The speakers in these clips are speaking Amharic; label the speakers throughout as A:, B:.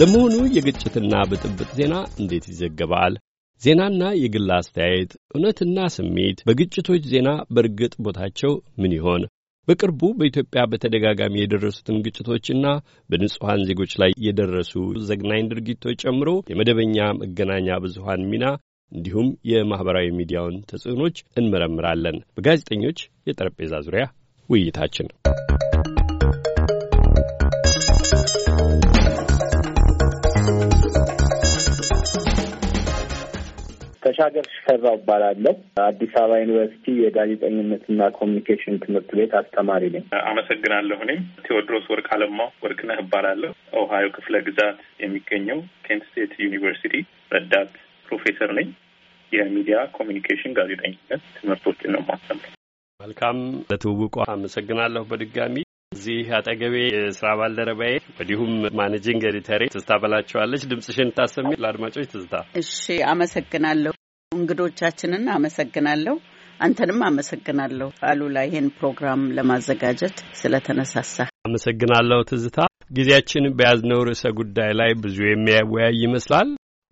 A: ለመሆኑ የግጭትና ብጥብጥ ዜና እንዴት ይዘገባል? ዜናና የግል አስተያየት፣ እውነትና ስሜት በግጭቶች ዜና በእርግጥ ቦታቸው ምን ይሆን? በቅርቡ በኢትዮጵያ በተደጋጋሚ የደረሱትን ግጭቶችና በንጹሐን ዜጎች ላይ የደረሱ ዘግናኝ ድርጊቶች ጨምሮ የመደበኛ መገናኛ ብዙሃን ሚና እንዲሁም የማኅበራዊ ሚዲያውን ተጽዕኖች እንመረምራለን። በጋዜጠኞች የጠረጴዛ ዙሪያ ውይይታችን
B: ሀገር ሽፈራው እባላለሁ። አዲስ አበባ ዩኒቨርሲቲ የጋዜጠኝነትና ኮሚኒኬሽን ትምህርት ቤት አስተማሪ ነኝ።
C: አመሰግናለሁ። እኔም ቴዎድሮስ ወርቅ አለማው ወርቅነህ እባላለሁ። ኦሃዮ ክፍለ ግዛት የሚገኘው ኬንት ስቴት ዩኒቨርሲቲ ረዳት ፕሮፌሰር ነኝ። የሚዲያ ኮሚኒኬሽን፣ ጋዜጠኝነት ትምህርቶችን ነው
A: የማስተምረው። መልካም ለትውውቁ አመሰግናለሁ በድጋሚ እዚህ አጠገቤ የስራ ባልደረባዬ እንዲሁም ማኔጂንግ ኤዲተሬ ትዝታ በላቸዋለች። ድምጽሽን ታሰሚ ለአድማጮች ትዝታ።
D: እሺ አመሰግናለሁ። እንግዶቻችንን አመሰግናለሁ። አንተንም አመሰግናለሁ አሉላ፣ ይህን ፕሮግራም ለማዘጋጀት ስለተነሳሳ
A: አመሰግናለሁ። ትዝታ፣ ጊዜያችን በያዝነው ርዕሰ ጉዳይ ላይ ብዙ የሚያወያይ ይመስላል።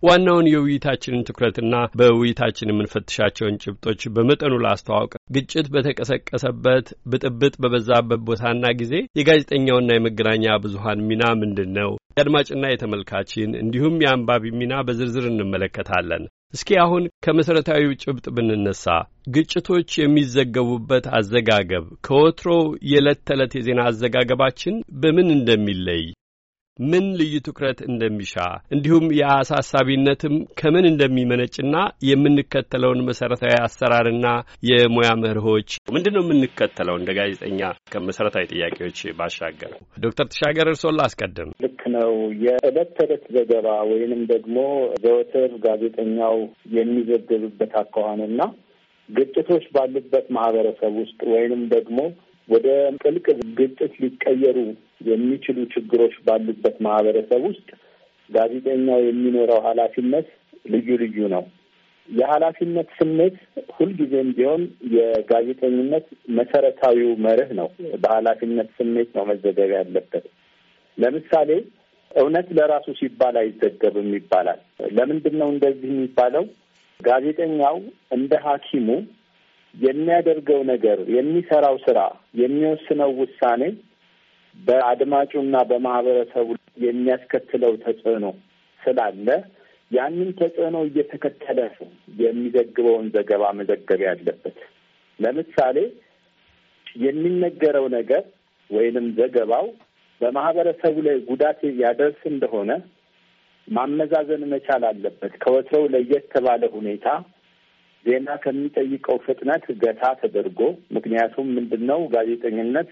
A: ዋናውን የውይይታችንን ትኩረትና በውይይታችን የምንፈትሻቸውን ጭብጦች በመጠኑ ላስተዋውቅ። ግጭት በተቀሰቀሰበት ብጥብጥ በበዛበት ቦታና ጊዜ የጋዜጠኛውና የመገናኛ ብዙሀን ሚና ምንድን ነው? የአድማጭና የተመልካችን እንዲሁም የአንባቢ ሚና በዝርዝር እንመለከታለን። እስኪ አሁን ከመሠረታዊው ጭብጥ ብንነሳ ግጭቶች የሚዘገቡበት አዘጋገብ ከወትሮው የዕለት ተዕለት የዜና አዘጋገባችን በምን እንደሚለይ ምን ልዩ ትኩረት እንደሚሻ እንዲሁም የአሳሳቢነትም ከምን እንደሚመነጭና የምንከተለውን መሰረታዊ አሰራርና የሙያ መርሆች ምንድን ነው የምንከተለው እንደ ጋዜጠኛ ከመሰረታዊ ጥያቄዎች ባሻገር። ዶክተር ተሻገር እርስዎን ላስቀድም።
B: ልክ ነው። የዕለት ተዕለት ዘገባ ወይንም ደግሞ ዘወትር ጋዜጠኛው የሚዘገብበት አኳኋንና ግጭቶች ባሉበት ማህበረሰብ ውስጥ ወይንም ደግሞ ወደ ጥልቅ ግጭት ሊቀየሩ የሚችሉ ችግሮች ባሉበት ማህበረሰብ ውስጥ ጋዜጠኛው የሚኖረው ኃላፊነት ልዩ ልዩ ነው። የኃላፊነት ስሜት ሁልጊዜም ቢሆን የጋዜጠኝነት መሰረታዊው መርህ ነው። በኃላፊነት ስሜት ነው መዘገብ ያለበት። ለምሳሌ እውነት ለራሱ ሲባል አይዘገብም ይባላል። ለምንድን ነው እንደዚህ የሚባለው? ጋዜጠኛው እንደ ሐኪሙ የሚያደርገው ነገር፣ የሚሰራው ስራ፣ የሚወስነው ውሳኔ በአድማጩና በማህበረሰቡ የሚያስከትለው ተጽዕኖ ስላለ ያንን ተጽዕኖ እየተከተለ ነው የሚዘግበውን ዘገባ መዘገብ ያለበት። ለምሳሌ የሚነገረው ነገር ወይንም ዘገባው በማህበረሰቡ ላይ ጉዳት ያደርስ እንደሆነ ማመዛዘን መቻል አለበት። ከወትሮው ለየት ባለ ሁኔታ ዜና ከሚጠይቀው ፍጥነት ገታ ተደርጎ ምክንያቱም ምንድን ነው ጋዜጠኝነት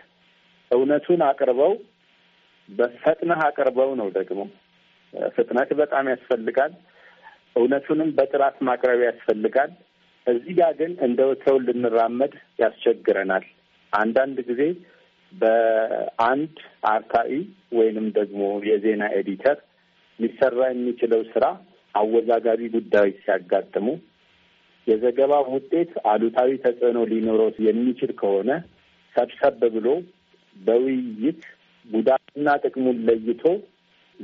B: እውነቱን አቅርበው በፈጥነህ አቅርበው ነው። ደግሞ ፍጥነት በጣም ያስፈልጋል። እውነቱንም በጥራት ማቅረብ ያስፈልጋል። እዚህ ጋር ግን እንደ ወትሮው ልንራመድ ያስቸግረናል። አንዳንድ ጊዜ በአንድ አርታኢ ወይንም ደግሞ የዜና ኤዲተር ሊሰራ የሚችለው ስራ አወዛጋቢ ጉዳዮች ሲያጋጥሙ የዘገባው ውጤት አሉታዊ ተጽዕኖ ሊኖረው የሚችል ከሆነ ሰብሰብ ብሎ በውይይት ጉዳትና ጥቅሙን ለይቶ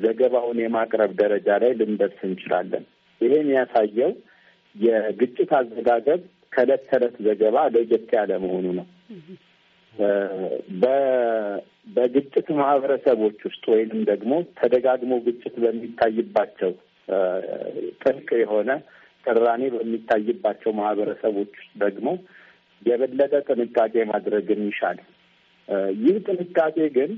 B: ዘገባውን የማቅረብ ደረጃ ላይ ልንደርስ እንችላለን። ይሄን ያሳየው የግጭት አዘጋገብ ከእለት ተዕለት ዘገባ ለየት ያለ መሆኑ ነው። በግጭት ማህበረሰቦች ውስጥ ወይንም ደግሞ ተደጋግሞ ግጭት በሚታይባቸው ጥልቅ የሆነ ቅራኔ በሚታይባቸው ማህበረሰቦች ደግሞ የበለጠ ጥንቃቄ ማድረግን ይሻል። ይህ ጥንቃቄ ግን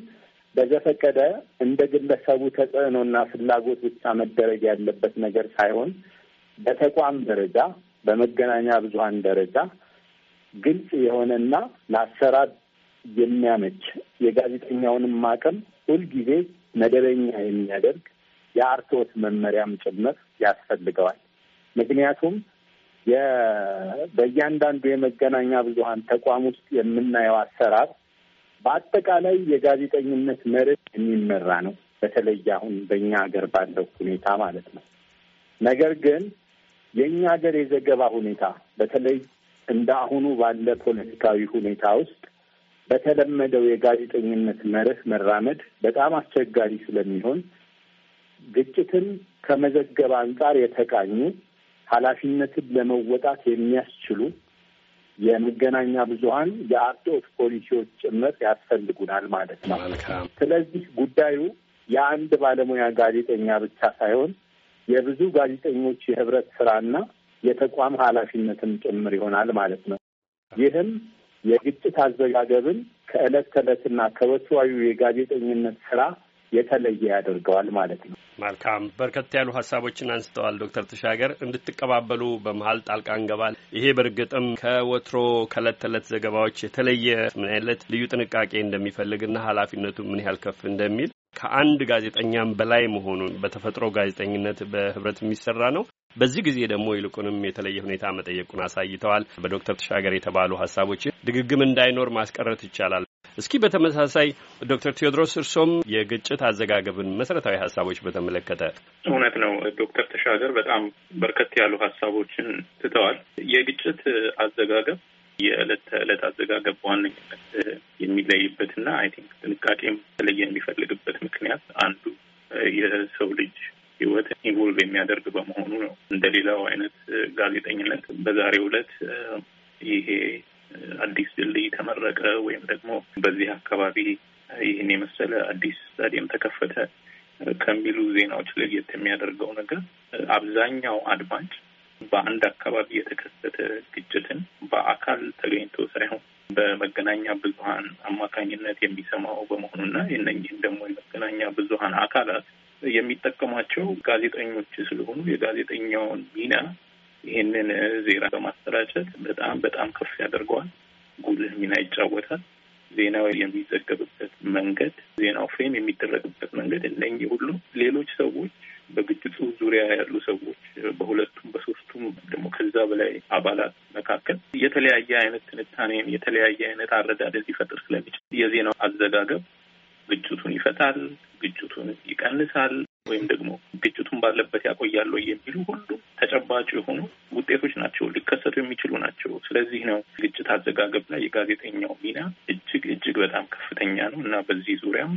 B: በዘፈቀደ እንደ ግለሰቡ ተጽዕኖና ፍላጎት ብቻ መደረግ ያለበት ነገር ሳይሆን በተቋም ደረጃ በመገናኛ ብዙኃን ደረጃ ግልጽ የሆነና ለአሰራር የሚያመች የጋዜጠኛውንም አቅም ሁልጊዜ መደበኛ የሚያደርግ የአርትዖት መመሪያም ጭምር ያስፈልገዋል። ምክንያቱም በእያንዳንዱ የመገናኛ ብዙኃን ተቋም ውስጥ የምናየው አሰራር በአጠቃላይ የጋዜጠኝነት መርህ የሚመራ ነው። በተለይ አሁን በእኛ ሀገር ባለው ሁኔታ ማለት ነው። ነገር ግን የእኛ ሀገር የዘገባ ሁኔታ በተለይ እንደ አሁኑ ባለ ፖለቲካዊ ሁኔታ ውስጥ በተለመደው የጋዜጠኝነት መርህ መራመድ በጣም አስቸጋሪ ስለሚሆን ግጭትን ከመዘገብ አንጻር የተቃኙ ኃላፊነትን ለመወጣት የሚያስችሉ የመገናኛ ብዙኃን የአርትኦት ፖሊሲዎች ጭምር ያስፈልጉናል ማለት ነው። ስለዚህ ጉዳዩ የአንድ ባለሙያ ጋዜጠኛ ብቻ ሳይሆን የብዙ ጋዜጠኞች የህብረት ስራና የተቋም ኃላፊነትም ጭምር ይሆናል ማለት ነው። ይህም የግጭት አዘጋገብን ከዕለት ተዕለትና ከወትዋዩ የጋዜጠኝነት ስራ የተለየ ያደርገዋል ማለት ነው።
A: መልካም በርከት ያሉ ሀሳቦችን አንስተዋል ዶክተር ተሻገር እንድትቀባበሉ በመሀል ጣልቃ እንገባል። ይሄ በእርግጥም ከወትሮ ከእለት ተዕለት ዘገባዎች የተለየ ምን አይነት ልዩ ጥንቃቄ እንደሚፈልግና ኃላፊነቱ ምን ያህል ከፍ እንደሚል ከአንድ ጋዜጠኛም በላይ መሆኑን በተፈጥሮ ጋዜጠኝነት በህብረት የሚሰራ ነው። በዚህ ጊዜ ደግሞ ይልቁንም የተለየ ሁኔታ መጠየቁን አሳይተዋል። በዶክተር ተሻገር የተባሉ ሀሳቦችን ድግግም እንዳይኖር ማስቀረት ይቻላል። እስኪ በተመሳሳይ ዶክተር ቴዎድሮስ እርሶም የግጭት አዘጋገብን መሰረታዊ ሀሳቦች በተመለከተ።
C: እውነት ነው ዶክተር ተሻገር በጣም በርከት ያሉ ሀሳቦችን ትተዋል። የግጭት አዘጋገብ የዕለት ተዕለት አዘጋገብ በዋነኝነት የሚለይበትና አይ ቲንክ ጥንቃቄም ተለየ የሚፈልግበት ምክንያት አንዱ የሰው ልጅ ህይወት ኢንቮልቭ የሚያደርግ በመሆኑ ነው። እንደሌላው አይነት ጋዜጠኝነት በዛሬው ዕለት ይሄ አዲስ ድልድይ ተመረቀ ወይም ደግሞ በዚህ አካባቢ ይህን የመሰለ አዲስ ስታዲየም ተከፈተ ከሚሉ ዜናዎች ለየት የሚያደርገው ነገር አብዛኛው አድማጭ በአንድ አካባቢ የተከሰተ ግጭትን በአካል ተገኝቶ ሳይሆን በመገናኛ ብዙኃን አማካኝነት የሚሰማው በመሆኑና የእነኝህን ደግሞ የመገናኛ ብዙኃን አካላት የሚጠቀሟቸው ጋዜጠኞች ስለሆኑ የጋዜጠኛውን ሚና ይህንን ዜና በማሰራጨት በጣም በጣም ከፍ ያደርገዋል። ጉልህ ሚና ይጫወታል። ዜናው የሚዘገብበት መንገድ፣ ዜናው ፍሬም የሚደረግበት መንገድ እነኚህ ሁሉ ሌሎች ሰዎች በግጭቱ ዙሪያ ያሉ ሰዎች በሁለቱም በሶስቱም ደግሞ ከዛ በላይ አባላት መካከል የተለያየ አይነት ትንታኔን የተለያየ አይነት አረዳደት ሊፈጥር ስለሚችል የዜናው አዘጋገብ ግጭቱን ይፈታል፣ ግጭቱን ይቀንሳል፣ ወይም ደግሞ ግጭቱን ባለበት ያቆያሉ የሚሉ ሁሉም ተጨባጭ የሆኑ ውጤቶች ናቸው፣ ሊከሰቱ የሚችሉ ናቸው። ስለዚህ ነው ግጭት አዘጋገብ ላይ የጋዜጠኛው ሚና እጅግ እጅግ በጣም ከፍተኛ ነው እና በዚህ ዙሪያም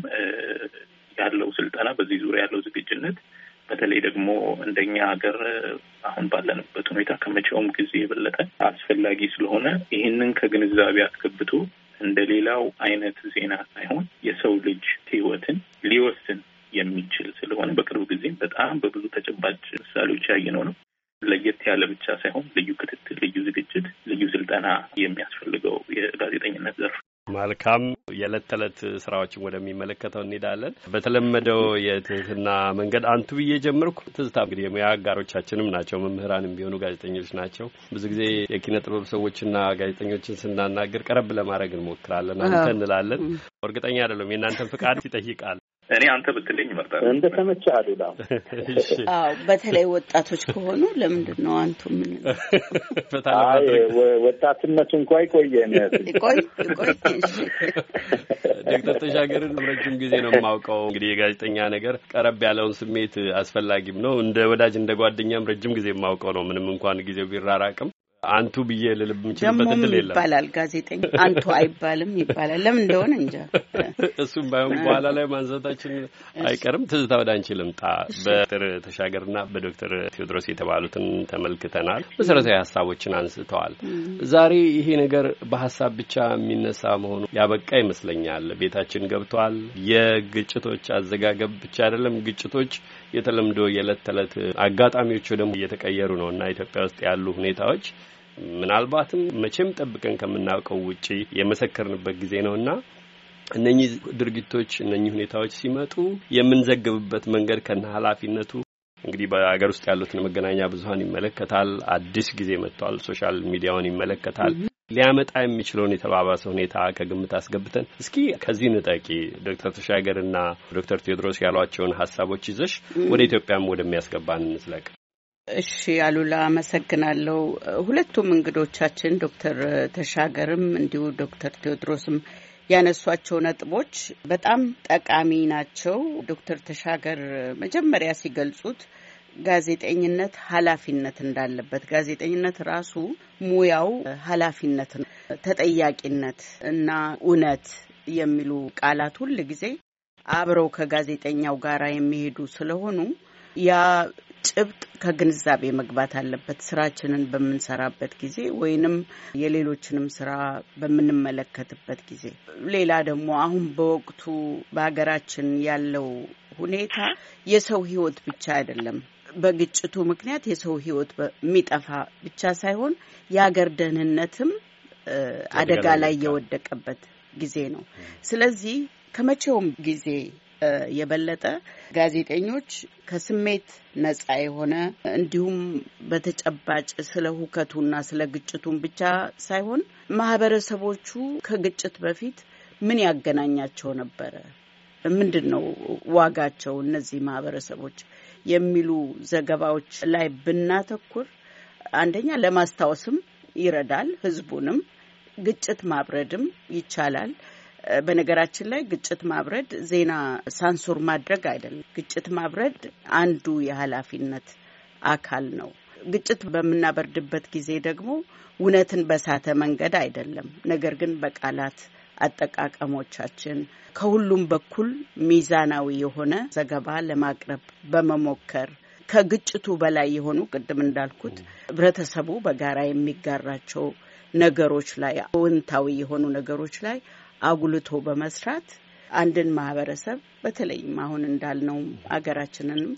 C: ያለው ስልጠና በዚህ ዙሪያ ያለው ዝግጅነት በተለይ ደግሞ እንደኛ ሀገር አሁን ባለንበት ሁኔታ ከመቼውም ጊዜ የበለጠ አስፈላጊ ስለሆነ ይህንን ከግንዛቤ አስገብቶ እንደ ሌላው አይነት ዜና ሳይሆን የሰው ልጅ ሕይወትን ሊወስን የሚችል ስለሆነ በቅርብ ጊዜም በጣም በብዙ ተጨባጭ ምሳሌዎች ያየነው ነው። ለየት ያለ ብቻ ሳይሆን ልዩ ክትትል፣ ልዩ ዝግጅት፣ ልዩ ስልጠና የሚያስፈልገው የጋዜጠኝነት ዘርፍ።
A: መልካም የዕለት ተዕለት ስራዎችን ወደሚመለከተው እንሄዳለን።
C: በተለመደው
A: የትህትና መንገድ አንቱ ብዬ ጀምርኩ። ትዝታ እንግዲህ የሙያ አጋሮቻችንም ናቸው፣ መምህራንም ቢሆኑ ጋዜጠኞች ናቸው። ብዙ ጊዜ የኪነ ጥበብ ሰዎችና ጋዜጠኞችን ስናናገር ቀረብ ለማድረግ እንሞክራለን። አንተ እንላለን። እርግጠኛ አይደለም የእናንተን ፍቃድ ይጠይቃል።
C: እኔ አንተ ብትለኝ እመርጣለሁ።
A: እንደ
D: ተመቸ አሉላ። አዎ በተለይ ወጣቶች ከሆኑ ለምንድን ነው አንቱ ምን
B: ወጣትነቱ እንኳ ይቆየን ቆይ።
A: ዶክተር ተሻገርን ረጅም ጊዜ ነው የማውቀው። እንግዲህ የጋዜጠኛ ነገር ቀረብ ያለውን ስሜት አስፈላጊም ነው። እንደ ወዳጅ እንደ ጓደኛም ረጅም ጊዜ የማውቀው ነው። ምንም እንኳን ጊዜው ቢራራቅም አንቱ ብዬ ልልብ የምችልበት እድል የለም ይባላል።
D: ጋዜጠኛ አንቱ አይባልም ይባላል። ለምን እንደሆነ እንጃ።
A: እሱም ባይሆን በኋላ ላይ ማንሳታችን አይቀርም። ትዝታ ወደ አንቺ ልምጣ። በዶክተር ተሻገርና በዶክተር ቴዎድሮስ የተባሉትን ተመልክተናል። መሰረታዊ ሀሳቦችን አንስተዋል። ዛሬ ይሄ ነገር በሀሳብ ብቻ የሚነሳ መሆኑ ያበቃ ይመስለኛል። ቤታችን ገብቷል። የግጭቶች አዘጋገብ ብቻ አይደለም ግጭቶች የተለምዶ የዕለት ተዕለት አጋጣሚዎቹ ደግሞ እየተቀየሩ ነው እና ኢትዮጵያ ውስጥ ያሉ ሁኔታዎች ምናልባትም መቼም ጠብቀን ከምናውቀው ውጪ የመሰከርንበት ጊዜ ነው እና እነኚህ ድርጊቶች እነኚህ ሁኔታዎች ሲመጡ የምንዘግብበት መንገድ ከነ ኃላፊነቱ እንግዲህ በሀገር ውስጥ ያሉትን መገናኛ ብዙኃን ይመለከታል። አዲስ ጊዜ መጥቷል። ሶሻል ሚዲያውን ይመለከታል። ሊያመጣ የሚችለውን የተባባሰ ሁኔታ ከግምት አስገብተን እስኪ ከዚህ ንጠቂ ዶክተር ተሻገርና ዶክተር ቴዎድሮስ ያሏቸውን ሀሳቦች ይዘሽ ወደ ኢትዮጵያም ወደሚያስገባን እንስለቅ።
D: እሺ አሉላ አመሰግናለሁ። ሁለቱም እንግዶቻችን ዶክተር ተሻገርም እንዲሁ ዶክተር ቴዎድሮስም ያነሷቸው ነጥቦች በጣም ጠቃሚ ናቸው። ዶክተር ተሻገር መጀመሪያ ሲገልጹት ጋዜጠኝነት ኃላፊነት እንዳለበት ጋዜጠኝነት ራሱ ሙያው ኃላፊነት ነው። ተጠያቂነት እና እውነት የሚሉ ቃላት ሁል ጊዜ አብረው ከጋዜጠኛው ጋር የሚሄዱ ስለሆኑ ያ ጭብጥ ከግንዛቤ መግባት አለበት። ስራችንን በምንሰራበት ጊዜ ወይንም የሌሎችንም ስራ በምንመለከትበት ጊዜ። ሌላ ደግሞ አሁን በወቅቱ በሀገራችን ያለው ሁኔታ የሰው ሕይወት ብቻ አይደለም በግጭቱ ምክንያት የሰው ህይወት የሚጠፋ ብቻ ሳይሆን የሀገር ደህንነትም አደጋ ላይ የወደቀበት ጊዜ ነው። ስለዚህ ከመቼውም ጊዜ የበለጠ ጋዜጠኞች ከስሜት ነጻ የሆነ እንዲሁም በተጨባጭ ስለ ሁከቱና ስለ ግጭቱን ብቻ ሳይሆን ማህበረሰቦቹ ከግጭት በፊት ምን ያገናኛቸው ነበረ? ምንድን ነው ዋጋቸው? እነዚህ ማህበረሰቦች የሚሉ ዘገባዎች ላይ ብናተኩር አንደኛ ለማስታወስም ይረዳል፣ ህዝቡንም ግጭት ማብረድም ይቻላል። በነገራችን ላይ ግጭት ማብረድ ዜና ሳንሱር ማድረግ አይደለም። ግጭት ማብረድ አንዱ የኃላፊነት አካል ነው። ግጭት በምናበርድበት ጊዜ ደግሞ እውነትን በሳተ መንገድ አይደለም፣ ነገር ግን በቃላት አጠቃቀሞቻችን ከሁሉም በኩል ሚዛናዊ የሆነ ዘገባ ለማቅረብ በመሞከር ከግጭቱ በላይ የሆኑ ቅድም እንዳልኩት ህብረተሰቡ በጋራ የሚጋራቸው ነገሮች ላይ አውንታዊ የሆኑ ነገሮች ላይ አጉልቶ በመስራት አንድን ማህበረሰብ በተለይም አሁን እንዳልነው አገራችንንም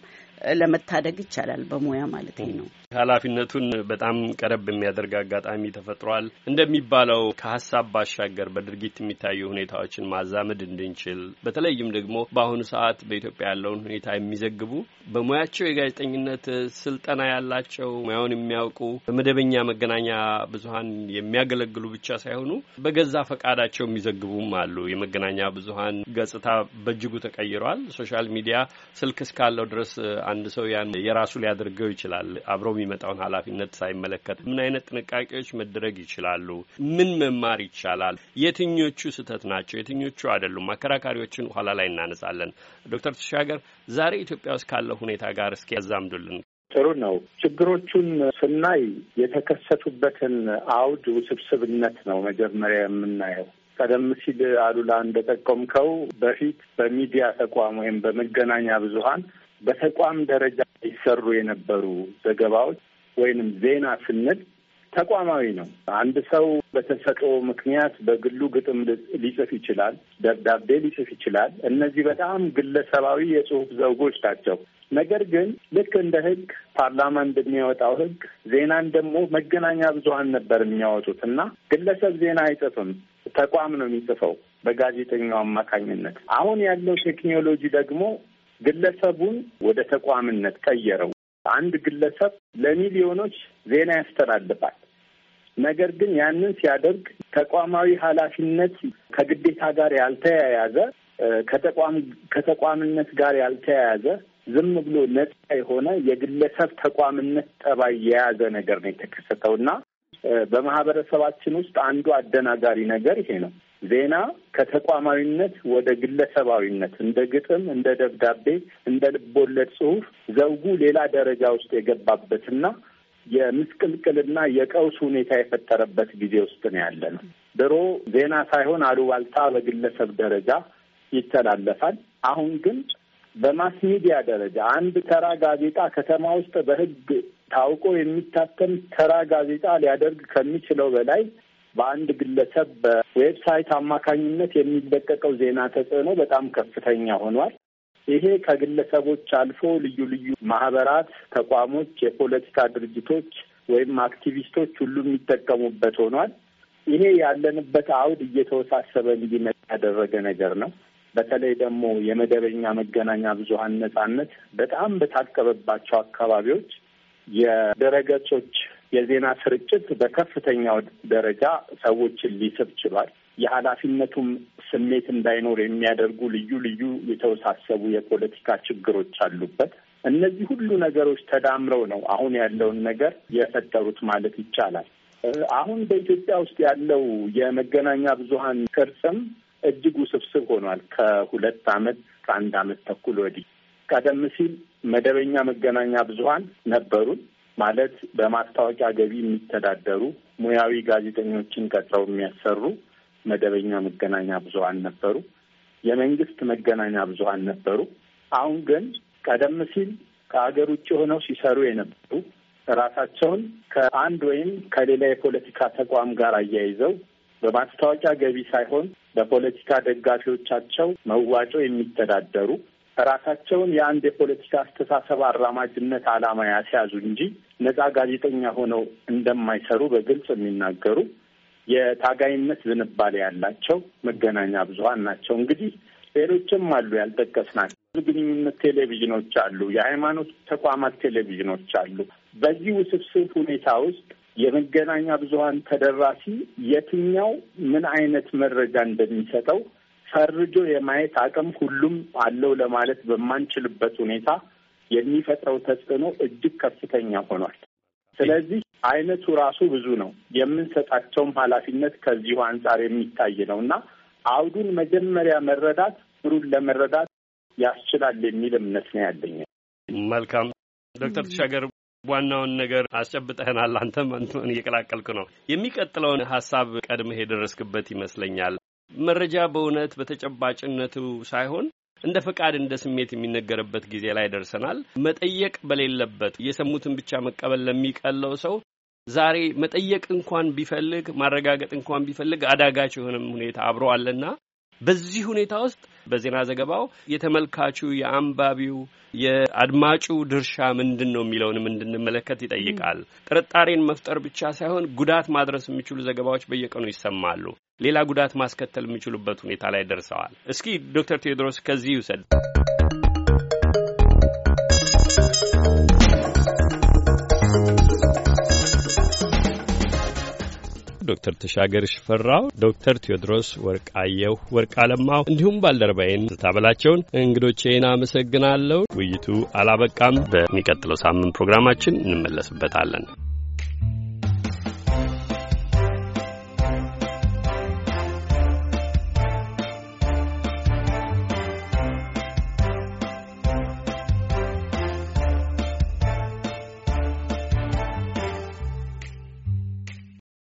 D: ለመታደግ ይቻላል። በሙያ ማለት ነው።
A: ኃላፊነቱን በጣም ቀረብ የሚያደርግ አጋጣሚ ተፈጥሯል። እንደሚባለው ከሀሳብ ባሻገር በድርጊት የሚታዩ ሁኔታዎችን ማዛመድ እንድንችል በተለይም ደግሞ በአሁኑ ሰዓት በኢትዮጵያ ያለውን ሁኔታ የሚዘግቡ በሙያቸው የጋዜጠኝነት ስልጠና ያላቸው ሙያውን የሚያውቁ በመደበኛ መገናኛ ብዙኃን የሚያገለግሉ ብቻ ሳይሆኑ በገዛ ፈቃዳቸው የሚዘግቡም አሉ። የመገናኛ ብዙኃን ገጽታ በእጅጉ ተቀይሯል። ሶሻል ሚዲያ ስልክ እስካለው ድረስ አንድ ሰው ያን የራሱ ሊያደርገው ይችላል። አብሮ የሚመጣውን ኃላፊነት ሳይመለከት ምን አይነት ጥንቃቄዎች መደረግ ይችላሉ? ምን መማር ይቻላል? የትኞቹ ስህተት ናቸው? የትኞቹ አይደሉም? አከራካሪዎችን ኋላ ላይ እናነሳለን። ዶክተር ተሻገር ዛሬ ኢትዮጵያ ውስጥ ካለው ሁኔታ ጋር እስኪ ያዛምዱልን።
B: ጥሩ ነው። ችግሮቹን ስናይ የተከሰቱበትን አውድ ውስብስብነት ነው መጀመሪያ የምናየው። ቀደም ሲል አሉላ እንደጠቆምከው በፊት በሚዲያ ተቋም ወይም በመገናኛ ብዙኃን በተቋም ደረጃ ይሰሩ የነበሩ ዘገባዎች ወይንም ዜና ስንል ተቋማዊ ነው። አንድ ሰው በተሰጦ ምክንያት በግሉ ግጥም ሊጽፍ ይችላል፣ ደብዳቤ ሊጽፍ ይችላል። እነዚህ በጣም ግለሰባዊ የጽሁፍ ዘውጎች ናቸው። ነገር ግን ልክ እንደ ህግ ፓርላማ እንደሚያወጣው ህግ ዜናን ደግሞ መገናኛ ብዙሀን ነበር የሚያወጡት እና ግለሰብ ዜና አይጽፍም፣ ተቋም ነው የሚጽፈው በጋዜጠኛው አማካኝነት። አሁን ያለው ቴክኖሎጂ ደግሞ ግለሰቡን ወደ ተቋምነት ቀየረው። አንድ ግለሰብ ለሚሊዮኖች ዜና ያስተላልፋል። ነገር ግን ያንን ሲያደርግ ተቋማዊ ኃላፊነት ከግዴታ ጋር ያልተያያዘ ከተቋም ከተቋምነት ጋር ያልተያያዘ ዝም ብሎ ነጻ የሆነ የግለሰብ ተቋምነት ጠባይ የያዘ ነገር ነው የተከሰተው እና በማህበረሰባችን ውስጥ አንዱ አደናጋሪ ነገር ይሄ ነው። ዜና ከተቋማዊነት ወደ ግለሰባዊነት እንደ ግጥም፣ እንደ ደብዳቤ፣ እንደ ልቦለድ ጽሁፍ ዘውጉ ሌላ ደረጃ ውስጥ የገባበትና የምስቅልቅልና የቀውስ ሁኔታ የፈጠረበት ጊዜ ውስጥ ነው ያለ ነው። ድሮ ዜና ሳይሆን አሉባልታ በግለሰብ ደረጃ ይተላለፋል። አሁን ግን በማስ ሚዲያ ደረጃ አንድ ተራ ጋዜጣ ከተማ ውስጥ በሕግ ታውቆ የሚታተም ተራ ጋዜጣ ሊያደርግ ከሚችለው በላይ በአንድ ግለሰብ በዌብሳይት አማካኝነት የሚለቀቀው ዜና ተጽዕኖ በጣም ከፍተኛ ሆኗል። ይሄ ከግለሰቦች አልፎ ልዩ ልዩ ማህበራት፣ ተቋሞች፣ የፖለቲካ ድርጅቶች ወይም አክቲቪስቶች ሁሉ የሚጠቀሙበት ሆኗል። ይሄ ያለንበት አውድ እየተወሳሰበ እንዲመጣ ያደረገ ነገር ነው። በተለይ ደግሞ የመደበኛ መገናኛ ብዙሀን ነጻነት በጣም በታቀበባቸው አካባቢዎች የድረገጾች የዜና ስርጭት በከፍተኛው ደረጃ ሰዎችን ሊስብ ችሏል። የኃላፊነቱም ስሜት እንዳይኖር የሚያደርጉ ልዩ ልዩ የተወሳሰቡ የፖለቲካ ችግሮች አሉበት። እነዚህ ሁሉ ነገሮች ተዳምረው ነው አሁን ያለውን ነገር የፈጠሩት ማለት ይቻላል። አሁን በኢትዮጵያ ውስጥ ያለው የመገናኛ ብዙኃን ቅርጽም እጅግ ውስብስብ ሆኗል። ከሁለት ዓመት ከአንድ ዓመት ተኩል ወዲህ ቀደም ሲል መደበኛ መገናኛ ብዙኃን ነበሩን። ማለት በማስታወቂያ ገቢ የሚተዳደሩ ሙያዊ ጋዜጠኞችን ቀጥረው የሚያሰሩ መደበኛ መገናኛ ብዙሀን ነበሩ። የመንግስት መገናኛ ብዙሀን ነበሩ። አሁን ግን ቀደም ሲል ከሀገር ውጭ ሆነው ሲሰሩ የነበሩ ራሳቸውን ከአንድ ወይም ከሌላ የፖለቲካ ተቋም ጋር አያይዘው በማስታወቂያ ገቢ ሳይሆን በፖለቲካ ደጋፊዎቻቸው መዋጮ የሚተዳደሩ ራሳቸውን የአንድ የፖለቲካ አስተሳሰብ አራማጅነት ዓላማ ያስያዙ እንጂ ነጻ ጋዜጠኛ ሆነው እንደማይሰሩ በግልጽ የሚናገሩ የታጋይነት ዝንባሌ ያላቸው መገናኛ ብዙኃን ናቸው። እንግዲህ ሌሎችም አሉ ያልጠቀስናቸው ግንኙነት ቴሌቪዥኖች አሉ፣ የሃይማኖት ተቋማት ቴሌቪዥኖች አሉ። በዚህ ውስብስብ ሁኔታ ውስጥ የመገናኛ ብዙኃን ተደራሲ የትኛው ምን አይነት መረጃ እንደሚሰጠው ፈርጆ የማየት አቅም ሁሉም አለው ለማለት በማንችልበት ሁኔታ የሚፈጥረው ተጽዕኖ እጅግ ከፍተኛ ሆኗል። ስለዚህ አይነቱ ራሱ ብዙ ነው። የምንሰጣቸውም ኃላፊነት ከዚሁ አንጻር የሚታይ ነው እና አውዱን መጀመሪያ መረዳት ምሩን ለመረዳት ያስችላል የሚል እምነት ነው
A: ያለኝ። መልካም ዶክተር ተሻገር ዋናውን ነገር አስጨብጠህናል። አንተም አንተን እየቀላቀልክ ነው። የሚቀጥለውን ሀሳብ ቀድመህ የደረስክበት ይመስለኛል። መረጃ በእውነት በተጨባጭነቱ ሳይሆን እንደ ፈቃድ እንደ ስሜት የሚነገርበት ጊዜ ላይ ደርሰናል። መጠየቅ በሌለበት የሰሙትን ብቻ መቀበል ለሚቀለው ሰው ዛሬ መጠየቅ እንኳን ቢፈልግ ማረጋገጥ እንኳን ቢፈልግ አዳጋች የሆነም ሁኔታ አብሮ አለና በዚህ ሁኔታ ውስጥ በዜና ዘገባው የተመልካቹ የአንባቢው የአድማጩ ድርሻ ምንድን ነው የሚለውንም እንድንመለከት ይጠይቃል። ጥርጣሬን መፍጠር ብቻ ሳይሆን ጉዳት ማድረስ የሚችሉ ዘገባዎች በየቀኑ ይሰማሉ። ሌላ ጉዳት ማስከተል የሚችሉበት ሁኔታ ላይ ደርሰዋል። እስኪ ዶክተር ቴዎድሮስ ከዚህ ይውሰድ። ዶክተር ተሻገር ሽፈራው፣ ዶክተር ቴዎድሮስ ወርቃየሁ ወርቅ አለማው እንዲሁም ባልደረባዬን ታበላቸውን እንግዶቼን አመሰግናለሁ። ውይይቱ አላበቃም። በሚቀጥለው ሳምንት ፕሮግራማችን እንመለስበታለን።